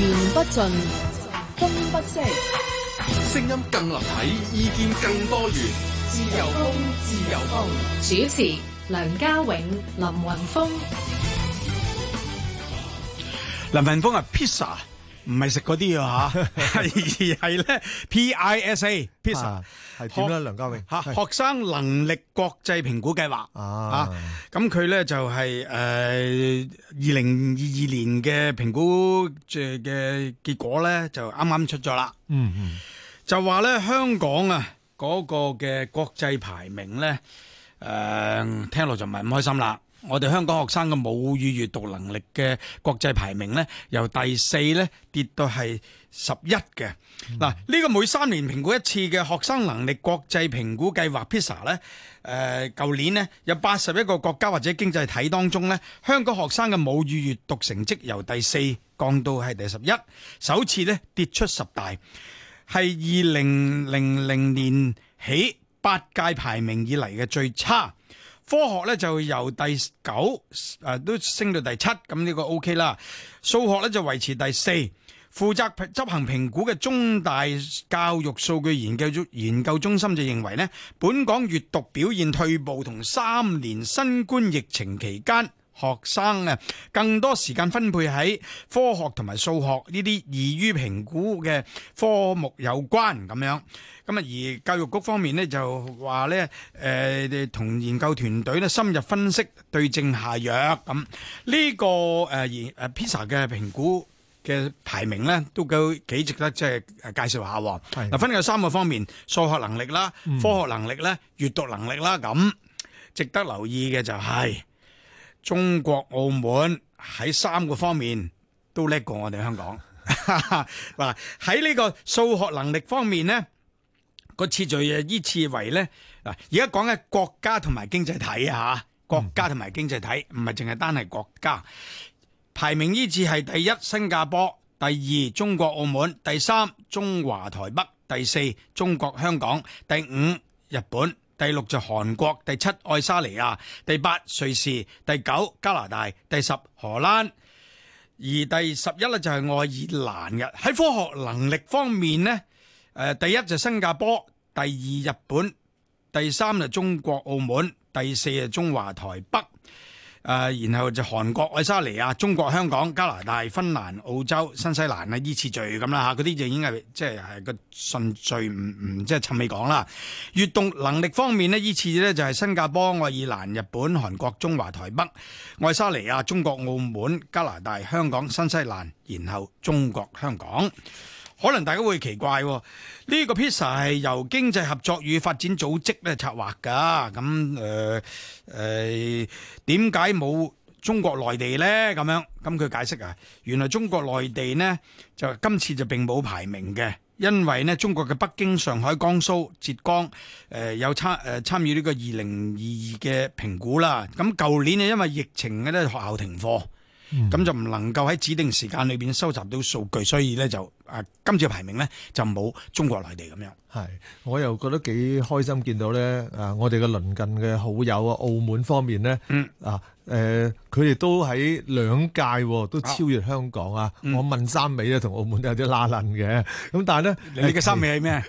言不盡，風不息，聲音更立體，意見更多元，自由風，自由風。主持：梁家永、林雲峰。林雲峰係，披薩唔係食嗰啲嘢而係 P isa, 呢咧 PISA，PISA 係點咧？學梁家榮學生能力國際評估計劃啊，咁佢咧就係誒二零二二年嘅評估嘅、呃、結果咧，就啱啱出咗啦。嗯嗯，就話咧香港啊嗰、嗰個嘅國際排名咧。誒、嗯，聽落就唔係咁開心啦！我哋香港學生嘅母語閱讀能力嘅國際排名呢由第四呢跌到係十一嘅。嗱、嗯，呢個每三年評估一次嘅學生能力國際評估計劃 PISA 呢，誒、呃，舊年呢有八十一個國家或者經濟體當中呢，香港學生嘅母語閱讀成績由第四降到係第十一，首次呢跌出十大，係二零零零年起。八屆排名以嚟嘅最差，科學咧就由第九，誒都升到第七，咁、這、呢個 OK 啦。數學咧就維持第四。負責執行評估嘅中大教育數據研究研究中心就認為咧，本港閱讀表現退步，同三年新冠疫情期間。學生更多時間分配喺科學同埋數學呢啲易於評估嘅科目有關，咁樣咁啊，而教育局方面說呢，就話呢誒同研究團隊深入分析對症下藥咁、這個。呢、呃、個 PISA 嘅評估嘅排名呢，都幾值得即係介紹一下。嗱，分有三個方面：數學能力啦、科學能力咧、閱讀能力啦咁。值得留意嘅就係、是。中國澳門喺三個方面都叻過我哋香港。嗱，喺呢個數學能力方面咧，個次序依次為咧嗱，而家講緊國家同埋經濟體啊，國家同埋經濟體唔係淨係單係國家。排名依次係第一新加坡，第二中國澳門，第三中華台北，第四中國香港，第五日本。第六就韓國，第七愛沙尼亞，第八瑞士，第九加拿大，第十荷蘭，而第十一咧就係愛爾蘭嘅。喺科學能力方面咧，誒第一就新加坡，第二日本，第三就中國澳門，第四就中華台北。誒、呃，然後就韓國、愛沙尼亞、中國香港、加拿大、芬蘭、澳洲、新西蘭咧，依次序咁啦吓，嗰啲就已經係即係個順序，唔唔即係趁未講啦。閱讀能力方面呢依次呢就係新加坡、愛爾蘭、日本、韓國、中華台北、愛沙尼亞、中國澳門、加拿大、香港、新西蘭，然後中國香港。可能大家會奇怪，呢個披薩係由經濟合作與發展組織嚟策，策劃㗎，咁誒、誒點解冇中國內地呢？咁樣咁佢解釋啊，原來中國內地呢，就今次就並冇排名嘅，因為呢中國嘅北京、上海、江蘇、浙江誒，有參、誒參與呢個二零二二嘅評估啦。咁舊年呢因為疫情呢學校停課。咁、嗯、就唔能夠喺指定時間裏面收集到數據，所以咧就、啊、今次排名咧就冇中國內地咁樣。係，我又覺得幾開心見到咧、啊、我哋嘅鄰近嘅好友啊，澳門方面咧，嗯、啊佢哋、呃、都喺兩屆都超越香港啊！嗯、我問三美咧，同澳門都有啲拉攏嘅。咁但係咧，你嘅三美係咩？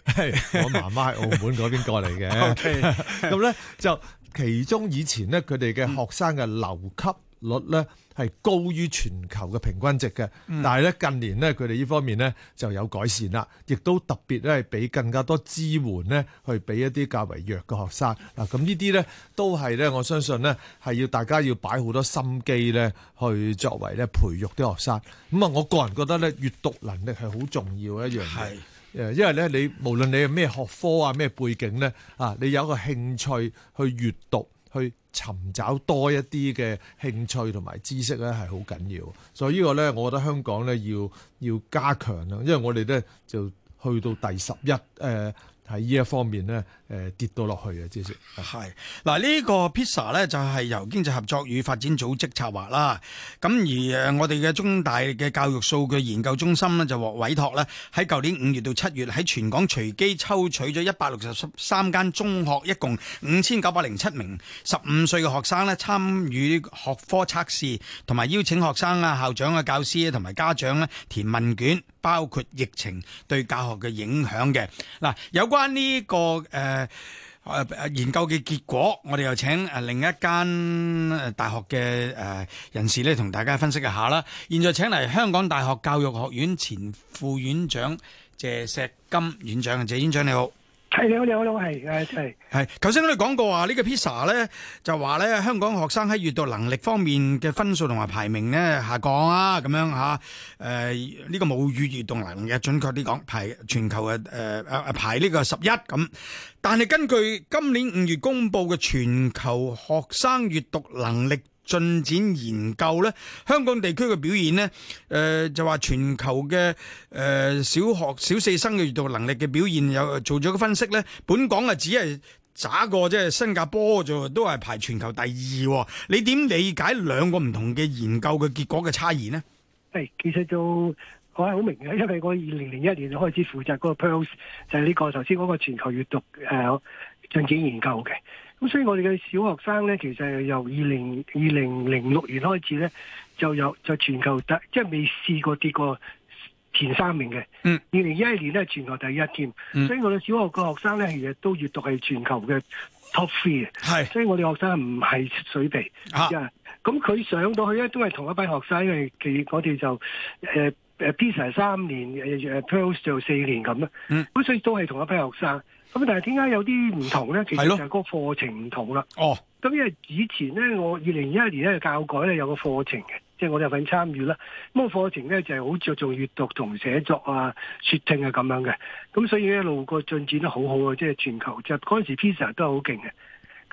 我媽媽喺澳門嗰邊過嚟嘅。咁咧 okay, 就其中以前呢，佢哋嘅學生嘅留、嗯、級。率咧係高於全球嘅平均值嘅，嗯、但係咧近年咧佢哋呢方面咧就有改善啦，亦都特別咧係俾更加多支援咧，去俾一啲較為弱嘅學生嗱。咁呢啲咧都係咧我相信咧係要大家要擺好多心機咧，去作為咧培育啲學生。咁啊，我個人覺得咧，閱讀能力係好重要嘅一樣嘢，誒是，因為咧你無論你係咩學科啊、咩背景咧啊，你有一個興趣去閱讀去。尋找多一啲嘅興趣同埋知識咧係好緊要，所以呢個咧，我覺得香港咧要要加強啦，因為我哋咧就去到第十一誒。喺呢一方面呢，誒、呃、跌到落去嘅知識。係嗱，呢個 PISA 呢就係由經濟合作與發展組織策劃啦。咁而誒，我哋嘅中大嘅教育數據研究中心呢，就獲委託呢。喺舊年五月到七月喺全港隨機抽取咗一百六十三間中學，一共五千九百零七名十五歲嘅學生呢參與學科測試，同埋邀請學生啊、校長啊、教師啊同埋家長呢填問卷。包括疫情對教學嘅影響嘅，嗱，有關呢、這個誒誒、呃、研究嘅結果，我哋又請誒另一間誒大學嘅誒人士咧，同大家分析一下啦。現在請嚟香港大學教育學院前副院長謝錫金院長，謝院長你好。係你好，你好，你好係，誒係係，頭先我哋講過話呢、這個 p i z 披薩咧，就話咧香港學生喺閱讀能力方面嘅分數同埋排名咧下降啊，咁樣吓、啊，誒、呃、呢、這個母語閱讀能力準確啲講排全球嘅誒誒排呢個十一咁，但係根據今年五月公布嘅全球學生閱讀能力。進展研究咧，香港地區嘅表現呢誒、呃、就話全球嘅誒、呃、小學小四生嘅閱讀能力嘅表現有做咗個分析咧。本港啊只係差過即係新加坡就，就都係排全球第二，哦。你點理解兩個唔同嘅研究嘅結果嘅差異呢？誒，其實都我係好明嘅，因為我二零零一年就開始負責嗰個 Pearls 就係呢、這個頭先嗰個全球閱讀誒進、呃、展研究嘅。咁所以我哋嘅小學生咧，其實由二零二零零六年開始咧，就有就全球第即係未試過跌過前三名嘅。嗯。二零一一年咧，全球第一添。嗯、所以我哋小學嘅學生咧，其實都閱讀係全球嘅 top three 嘅是。所以我哋學生唔係水皮啊。咁佢上到去咧，都係同一班學生，因為其我哋就誒誒、uh, PISA 三年誒誒 PIRLS 就四年咁啦。咁、嗯、所以都係同一班學生。咁但係點解有啲唔同咧？其實就係嗰個課程唔同啦。哦，咁因為以前咧，我二零一一年咧教改咧有個課程嘅，即係我哋有份參與啦。咁個課程咧就係好着重閱讀同寫作啊、說聽啊咁樣嘅。咁所以一路個進展都好好啊，即係全球就嗰陣時 PISA 都係好勁嘅。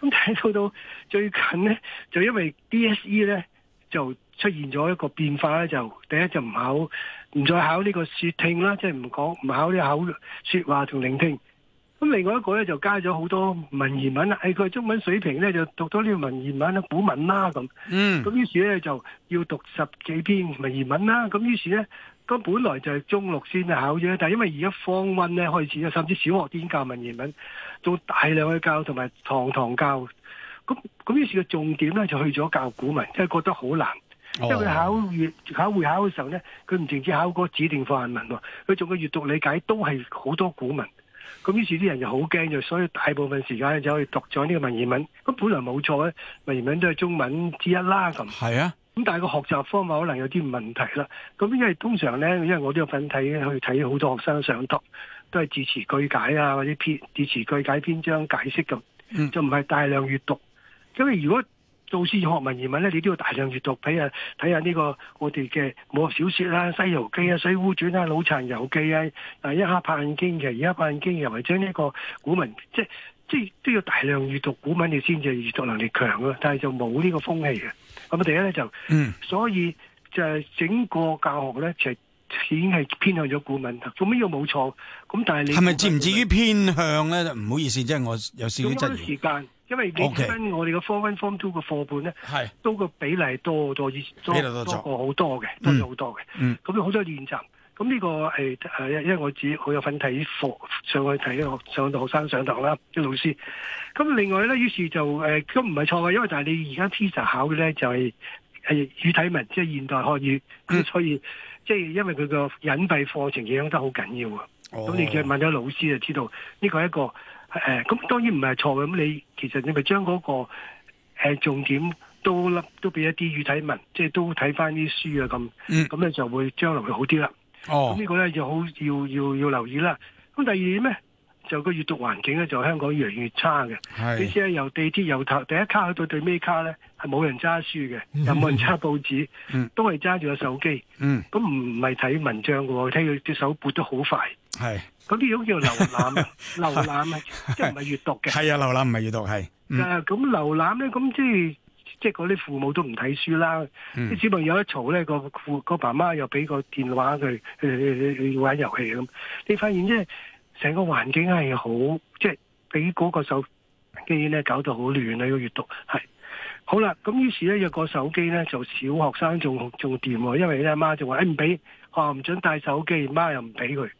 咁睇到到最近咧，就因為 DSE 咧就出現咗一個變化咧，就第一就唔考，唔再考呢個說聽啦，即係唔講唔考呢考個說話同聆聽。咁另外一個咧就加咗好多文言文啦，誒佢中文水平咧就讀呢啲文言文古文啦，咁，咁、嗯、於是咧就要讀十幾篇文言文啦，咁於是咧，咁本來就係中六先考啫，但係因為而家 form one 咧，咧開始啦，甚至小學已經教文言文，做大量嘅教同埋堂堂教，咁咁於是個重點咧就去咗教古文，即係覺得好難，因為佢考考會考嘅時候咧，佢唔淨止考嗰個指定範文喎，佢仲嘅閱讀理解都係好多古文。咁於是啲人就好驚嘅，所以大部分時間就可以讀咗呢個文言文。咁本來冇錯咧，文言文都係中文之一啦。咁係啊，咁但係個學習方法可能有啲問題啦。咁因為通常咧，因為我都有份睇，去睇好多學生上讀，都係字詞句解啊，或者篇字詞句解篇章解釋咁，就唔係大量閱讀。因為如果做詩學文言文咧，你都要大量閲讀，睇下睇下呢個我哋嘅武俠小説啦，《西遊記》啊，《水滸傳》啊，《老殘遊記》啊，啊，一刻《拍案驚奇》嘅，而二刻《拍案驚奇》，又或者呢個古文，即係即係都要大量閲讀古文，你先至閲讀能力強啊，但係就冇呢個風氣嘅。咁啊，第一咧就，嗯，所以就係整個教學咧，其實已經係偏向咗古文。做咩要冇錯？咁但係你係咪至唔至於偏向咧？唔好意思，即係我有少少質疑。咁 因為你跟我哋嘅 Form One、Form Two 嘅課本咧，Okay. 都個比例多咗，以多多過好多嘅，多咗好多嘅。咁樣好多練習。咁呢、嗯嗯這個誒誒，因為我自己好有份睇課，上去睇學，上到學生上堂啦啲老師。咁另外咧，於是就誒、呃、都唔係錯嘅，因為但係你而家 PISA 考嘅咧，就係係語體文，即、就、係、是、現代漢語。咁、嗯、所以即係因為佢個隱蔽課程影響得好緊要啊。咁、哦、你其實問咗老師就知道呢個係一個。誒，咁、嗯、當然唔係錯嘅。咁你其實你咪將嗰個誒重點都粒都俾一啲語體文，即係都睇返啲書啊咁。咁咧就會將來會好啲啦。哦，呢個咧就好要要要留意啦。咁第二點呢？就個閱讀環境咧就香港越嚟越差嘅。你知啊，由地鐵由頭第一卡去到最尾卡咧，係冇、嗯、人揸書嘅，又冇人揸報紙，都係揸住個手機。咁唔係睇文章嘅，睇佢隻手撥得好快。係是，啲呢叫瀏覽，瀏覽 覽啊，即係唔係閱讀嘅。係啊，瀏覽唔係閱讀係。啊，咁瀏覽咧，咁即係即係嗰啲父母都唔睇書啦。啲小朋友一嘈咧，個父個爸媽又俾個電話佢，誒玩遊戲咁。你發現即係。成個環境係好，即係俾嗰個手機咧搞到好亂啊！要閲讀係好啦，咁於是咧有個手機咧就小學生仲仲掂喎，因為咧媽媽就話：，誒唔俾，話唔准,、哦、准帶手機，媽媽又唔俾佢。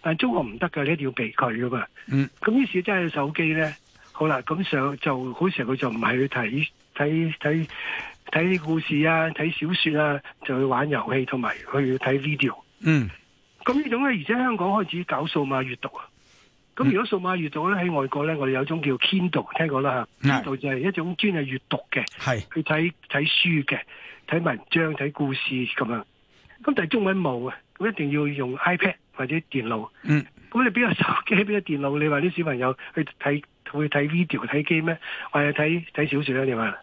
但係中學唔得㗎，你一定要俾佢噶嘛。嗯，咁於是真係手機咧，好啦，咁上就好像就不是去看，嗰時佢就唔係去睇睇睇睇故事啊，睇小説啊，就去玩遊戲同埋去睇 video。嗯。咁呢種咧，而且香港開始搞數碼閱讀啊。咁如果數碼閱讀咧喺外國咧，我哋有種叫 Kindle，聽過啦嚇 Yes. Kindle 就係一種專係閱讀嘅、係 Yes. 去睇睇書嘅，睇文章、睇故事咁樣。咁但係中文冇啊。咁一定要用 iPad 或者電腦。嗯，咁你邊個手機，邊個電腦？你話啲小朋友去睇。會睇 video 睇 game 咩？或者睇睇小說咧？點啊？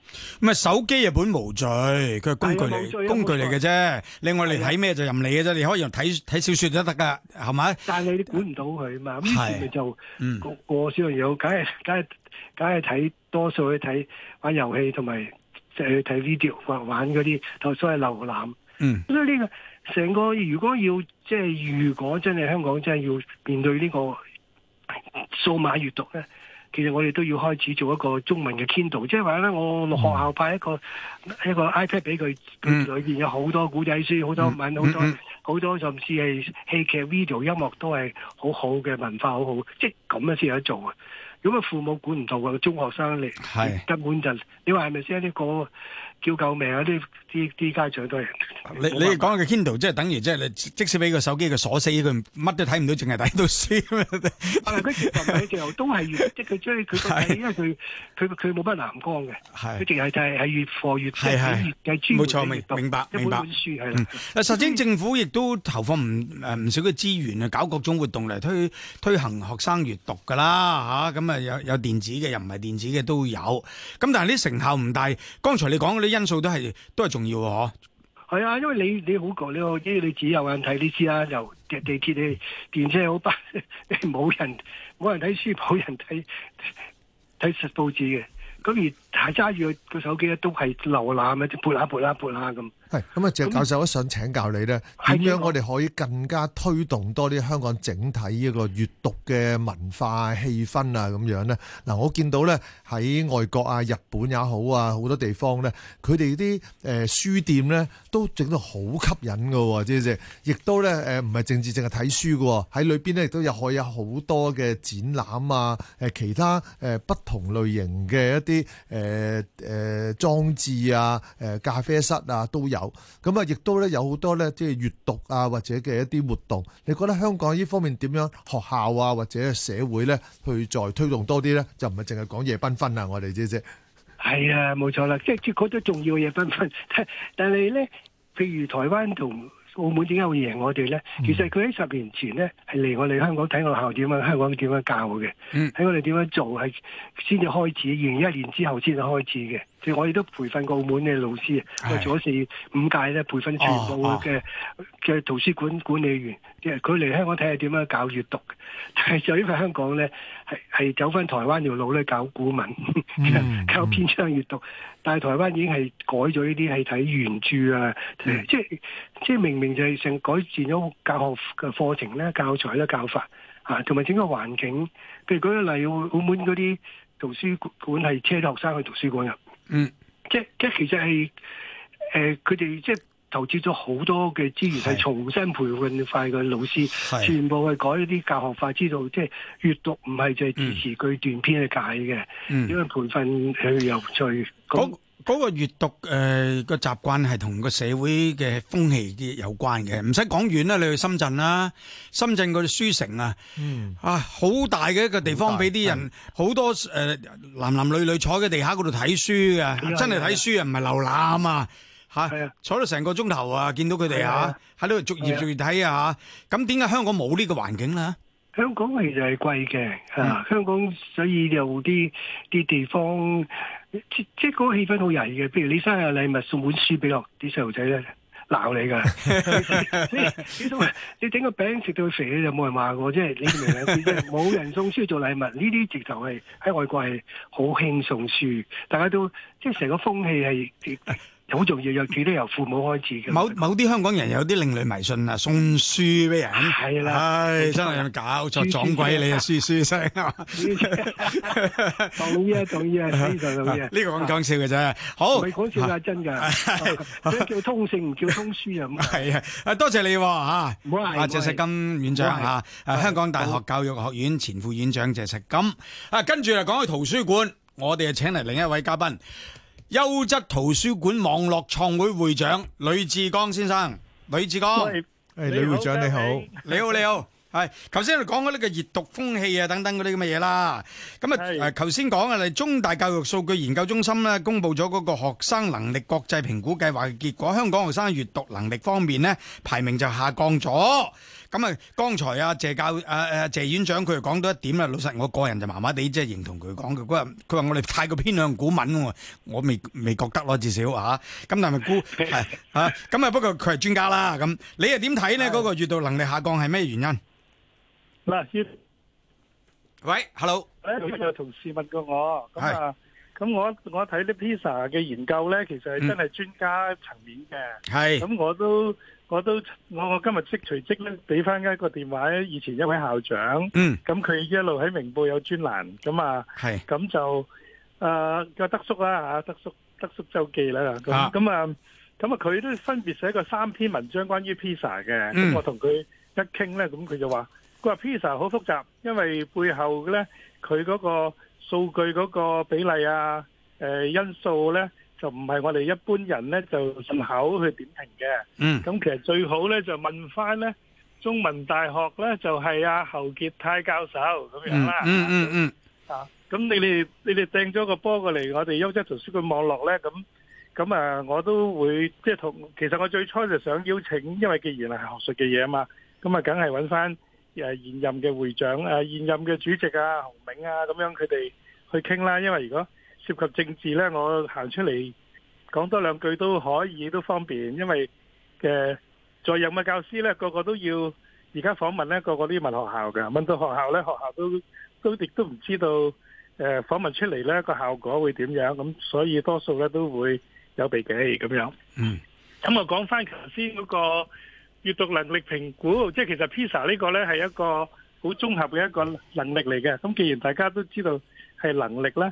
唔係手機，日本無罪，佢係工具嚟，啊、工具嚟嘅啫。另外錯你睇咩就任你嘅啫，啊、你可以用睇睇小說都得噶，係咪？但係你都管唔到佢啊嘛？咁所以咪就個小朋友，梗係梗係梗係睇多數去睇玩遊戲，同埋即係去睇 video 或玩嗰啲，就所謂係瀏覽。嗯，所以呢、這個成個，如果要即係，如果真係香港真係要面對呢個數碼閱讀咧。其實我哋都要開始做一個中文嘅 Kindle，即係話咧，我學校派一個、嗯、一個 iPad 俾佢，佢裏面有好多古仔書，好、嗯、多文，好多好多，嗯、多甚至係戲劇 video、劇音樂都係好好嘅文化，好好，即係咁樣先有得做啊！如果啊，父母管唔到個中學生嚟，根管就你話係咪先呢個？叫救命啊！啲啲啲街上都係你你講嘅 Kindle，即係等於即係你即使俾個手機嘅鎖死，佢乜都睇唔到，淨係睇到書。佢其實佢又都係越即係佢即佢睇，因為佢佢冇乜藍光嘅。佢淨係就係係越課越睇越係專。冇錯，明明白明白。書係啦。啊，實際政府亦都投放唔誒唔少嘅資源啊，搞各種活動嚟推推行學生閱讀㗎啦嚇。咁啊有有電子嘅，又唔係電子嘅都有。咁但係呢成效唔大。剛才你講。啲因素都係都係重要喎，嗬？係啊，因為你你好舊，你依你自己有眼睇你知啦，又、啊、地鐵你電車好巴，冇人冇人睇書，冇人睇睇實報紙嘅，咁而家揸住個手機咧，都係瀏覽啊，就撥下撥下撥下咁。咁啊，謝教授，我想請教你咧，點那樣我哋可以更加推動多啲香港整體依個閱讀嘅文化氣氛啊？咁樣咧，嗱，我見到咧喺外國啊、日本也好啊，好多地方咧，佢哋啲誒書店咧都整得好吸引嘅，即係亦都咧誒唔係靜止，淨係睇書嘅喺裏邊咧，亦都有可以有好多嘅展覽啊，誒、呃、其他誒、呃、不同類型嘅一啲誒誒裝置啊、誒、呃、咖啡室啊都有。咁啊，亦都咧有好多咧，即係閱讀啊，或者嘅一啲活動。你覺得香港呢方面點樣學校啊，或者社會咧，去再推動多啲咧，就唔係淨係講夜繽紛啊？我哋啫啫？係啊，冇錯啦，即係結果都重要嘅夜繽紛。但係咧，譬如台灣同。澳門點解會贏我哋呢？其實佢喺十年前呢，係嚟我哋香港睇學校點樣香港點樣教嘅，喺、嗯、我哋點樣做係先至開始。二零一年之後先至開始嘅。即我哋都培訓過澳門嘅老師，我的做咗四五屆咧，培訓全部嘅嘅圖書館管理員。佢嚟香港睇係點樣搞閱讀，但係就因為香港呢。係係走翻台灣條路咧，搞古文，搞篇章閱讀。嗯、但係台灣已經係改咗呢啲係睇原著啊，嗯、即即明明就係成改善咗教學嘅課程咧、教材咧、教法啊，同埋整個環境。譬如舉個例，澳門嗰啲圖書館係車學生去圖書館入？嗯，即即其實係誒，佢、呃、哋即。投資咗好多嘅資源，係重新培訓快嘅老師，全部係改一啲教學法，知道即係閱讀唔係就係字詞句段篇去解嘅，因為培訓佢有趣。嗰嗰個閱讀誒個習慣係同個社會嘅風氣啲有關嘅，唔使講遠啦，你去深圳啦，深圳個書城啊，啊好大嘅一個地方，俾啲人好多誒男男女女坐喺地下嗰度睇書嘅，真係睇書啊，唔係瀏覽啊嘛。吓，啊、坐咗成個鐘頭啊！見到佢哋吓，喺度逐頁逐頁睇啊吓，咁點解香港冇呢個環境啊？香港其實係貴嘅，吓、嗯啊，香港所以有啲啲地方，即即嗰個氣氛好曳嘅。譬如你生日禮物送本書俾落啲細路仔咧，鬧你噶。 你整個餅食到肥就冇人話過，即係你明唔明 即係冇人送書做禮物，呢啲直頭係喺外國係好興送書，大家都即係成個風氣係。 好重要，有幾多由父母開始嘅。某某啲香港人有啲另類迷信啊，送書俾人。係啦，唉，真係咁搞，就撞鬼你啊！書書聲啊，當依啊，當依啊，非常當依啊！呢個咁講笑嘅啫，好，唔係講笑啊，真噶，叫通勝唔叫通書啊。係啊，啊多謝你吓，唔好啊，謝錫金院長吓，香港大學教育學院前副院長謝錫金啊，跟住嚟講去圖書館，我哋啊請嚟另一位嘉賓。優質圖書館網絡創會會長呂志剛先生，呂志剛，誒好，呂會長你好，你好你好，係，頭先你講嗰啲嘅閱讀風氣啊，等等嗰啲咁嘅嘢啦，咁啊，誒是，頭先講嘅中大教育數據研究中心咧公布咗嗰個學生能力國際評估計劃嘅結果，香港學生閱讀能力方面呢，排名就下降咗。咁啊，剛才啊謝教啊謝院長佢又講到一點啦，老實我個人就麻麻地，即係認同佢講嘅，佢話佢我哋太過偏向古文喎，我未未覺得咯，至少嚇、啊。咁但係估咁 啊，不過佢係專家啦，咁你又點睇咧？嗰是個閲讀能力下降係咩原因？嗱、啊，喂，hello，有同事問過我，咁啊是，咁我我睇啲 PISA 嘅研究咧，其實係真係專家層面嘅，咁、嗯、我都。我都我我今日即隨即咧俾翻一個電話咧，以前一位校長，嗯，咁佢一路喺明報有專欄咁啊，係是，咁就誒個、呃、德叔啦吓，德叔德叔周記啦，咁咁啊，咁啊佢都分別寫過三篇文章關於 PISA 嘅，咁、嗯、我同佢一傾咧，咁佢就話佢話 PISA 好複雜，因為背後咧佢嗰個數據嗰個比例啊，誒、呃、因素咧。就唔係我哋一般人咧，就順口去點評嘅。嗯，咁其實最好咧，就問翻咧中文大學咧，就係阿侯傑泰教授咁樣啦。嗯嗯嗯。啊，咁你哋你哋掟咗個波過嚟我哋優質圖書館網絡咧，咁咁啊，我都會即係同。其實我最初就想邀請，因為既然係學術嘅嘢啊嘛，咁啊，梗係揾翻誒現任嘅會長、誒現任嘅主席啊、洪銘啊咁樣佢哋去傾啦。因為如果涉及政治呢，我行出嚟講多兩句都可以，都方便，因為誒在任嘅教師呢個個都要而家訪問呢個個都要問學校嘅問到學校咧，學校都都亦都唔知道誒，訪、呃、問出嚟呢個效果會點樣？咁所以多數咧都會有避忌咁樣。嗯，咁、嗯、我講翻頭先嗰個閱讀能力評估，即係其實 PISA 呢個咧係一個好綜合嘅一個能力嚟嘅。咁既然大家都知道係能力啦。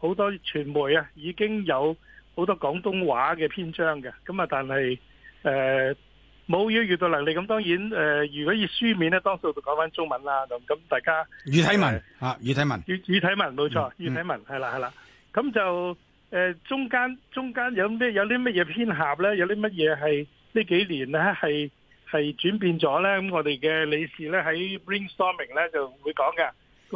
好多傳媒啊，已經有好多廣東話嘅篇章嘅，咁啊，但係誒冇語閱讀能力，咁當然誒，如果以書面咧，多數講翻中文啦，咁大家語體文啊，語體文，語語體文冇錯，語體文係啦係啦，咁就誒中間中間有咩有啲乜嘢偏合咧，有啲乜嘢係呢幾年咧係係轉變咗咧，咁我哋嘅理事咧喺 brainstorming 咧就會講嘅。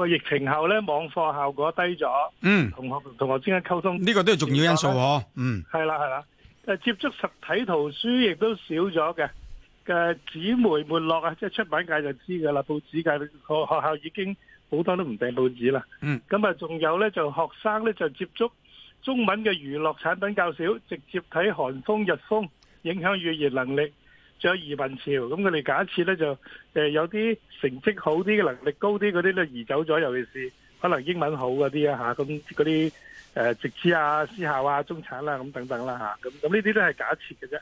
疫情後咧，網課效果低咗。嗯同，同學同學生溝通呢個都係重要因素喎。嗯，係啦係啦，接觸實體圖書亦都少咗嘅。嘅紙媒沒落啊，即係出版界就知㗎啦，報紙界學,學校已經好多都唔訂報紙啦。嗯，咁啊仲有咧就學生咧就接觸中文嘅娛樂產品較少，直接睇韓風日風，影響語言能力。有移民潮，咁佢哋假設咧就、呃、有啲成績好啲、能力高啲嗰啲咧移走咗，尤其是可能英文好嗰啲啊，咁嗰啲直資啊、私校啊、中產啦、啊、咁等等啦，咁咁呢啲都係假設嘅啫，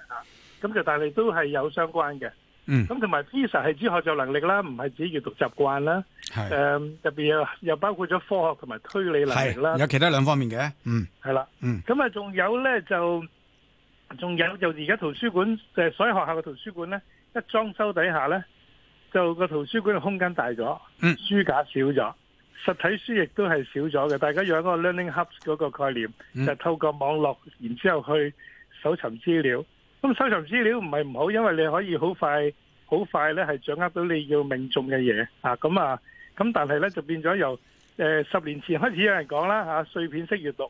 咁就但係都係有相關嘅，嗯，咁同埋 PISA 係指學習能力啦，唔係指閱讀習慣啦，係誒特別又又包括咗科學同埋推理能力啦，有其他兩方面嘅，嗯，係啦，嗯，咁啊仲有咧就。仲有就而家圖書館，就係、是、所有學校嘅圖書館呢，一裝修底下呢，就個圖書館嘅空間大咗，書架少咗，實體書亦都係少咗嘅。大家用一個 learning hubs 嗰個概念，就是、透過網絡，然之後去搜尋資料。咁搜尋資料唔係唔好，因為你可以好快好快呢係掌握到你要命中嘅嘢吓。咁啊，咁但係呢，就變咗由誒十、呃、年前開始有人講啦，吓、啊、碎片式閱讀，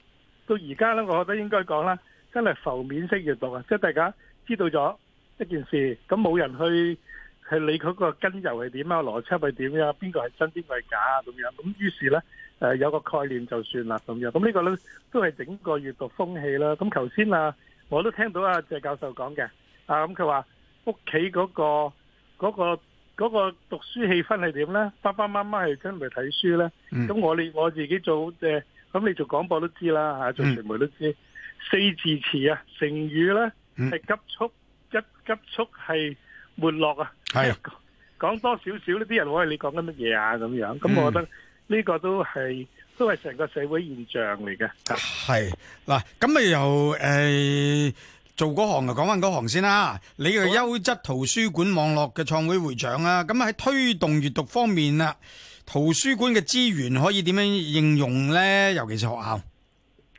到而家呢，我覺得應該講啦。真係浮面式閱讀啊！即係大家知道咗一件事，咁冇人去係理佢個根由係點啊、邏輯係點啊、邊個係真邊個係假啊咁樣。咁於是呢，誒有個概念就算啦咁樣。咁呢個呢都係整個閱讀風氣啦。咁頭先啊，我都聽到阿、啊、謝教授講嘅啊，咁佢話屋企嗰個嗰、嗰個嗰、嗰個嗰個讀書氣氛係點呢？爸爸媽媽係真係睇書呢。咁、嗯、我哋我自己做即咁、呃、你做廣播都知啦嚇，做傳媒都知。嗯嗯四字詞啊，成語咧、啊、係、嗯、急速，一急速係沒落啊。係講的多少少呢啲人，我係你講緊乜嘢啊？咁樣咁，我覺得呢個都係、嗯、都係成個社會現象嚟嘅。係嗱，咁咪由誒做嗰行，就講翻嗰行先啦。你係優質圖書館網絡嘅創會會長啊，咁喺推動閱讀方面啊，圖書館嘅資源可以點樣應用呢？尤其是學校。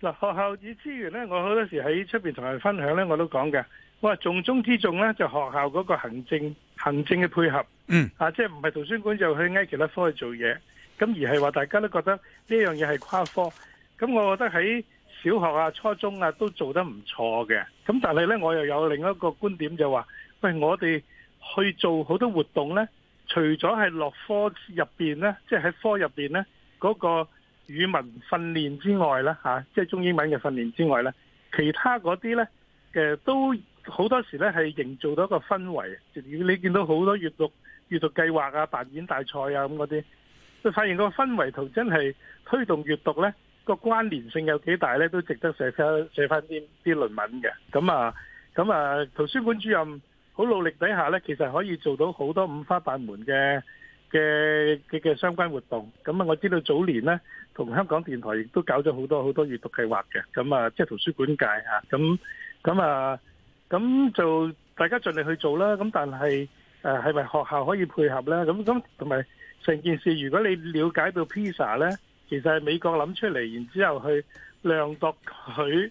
嗱，學校以資源咧，我好多時喺出面同人分享咧，我都講嘅。我話重中之重咧，就學校嗰個行政、行政嘅配合。嗯。啊，即係唔係圖書館就去挨其他科去做嘢，咁而係話大家都覺得呢樣嘢係跨科。咁我覺得喺小學啊、初中啊都做得唔錯嘅。咁但係咧，我又有另一個觀點就話，喂，我哋去做好多活動咧，除咗係落科入面咧，即係喺科入面咧嗰個。語文訓練之外呢、吓、即係中英文嘅訓練之外呢，其他嗰啲呢嘅、呃、都好多時呢係營造到一個氛圍。你見到好多閱讀閱讀計劃啊、扮演大賽啊咁嗰啲，就發現個氛圍同真係推動閱讀呢個關聯性有幾大呢，都值得寫返翻啲啲論文嘅。咁啊咁啊，圖書館主任好努力底下呢，其實可以做到好多五花八門嘅。嘅嘅嘅相關活動，咁啊，我知道早年呢，同香港電台亦都搞咗好多好多閱讀計劃嘅，咁啊，即係圖書館界啊，咁咁啊，咁就大家盡力去做啦。咁但係，誒係咪學校可以配合呢？咁咁同埋成件事，如果你瞭解到 PISA 呢，其實係美國諗出嚟，然之後去量度佢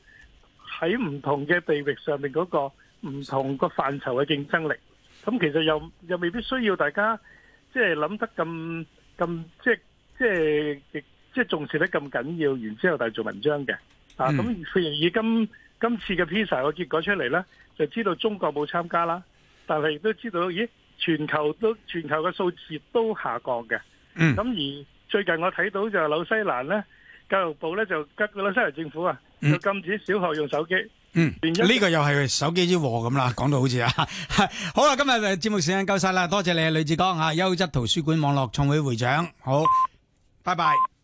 喺唔同嘅地域上面嗰個唔同個範疇嘅競爭力，咁其實又又未必需要大家。即係諗得咁咁即係即係亦即係重視得咁緊要，然之後就做文章嘅。啊，咁雖然而今今次嘅 PISA 個結果出嚟咧，就知道中國冇參加啦，但係亦都知道咦，全球都全球嘅數字都下降嘅。嗯。咁而最近我睇到就紐西蘭咧，教育部咧就跟紐西蘭政府啊，就禁止小學用手機。嗯，呢個又係手機之禍咁啦，講到好似啊，好啦，今日節目時間夠晒啦，多謝你，呂志剛啊，優質圖書館網絡創會會長，好，拜拜。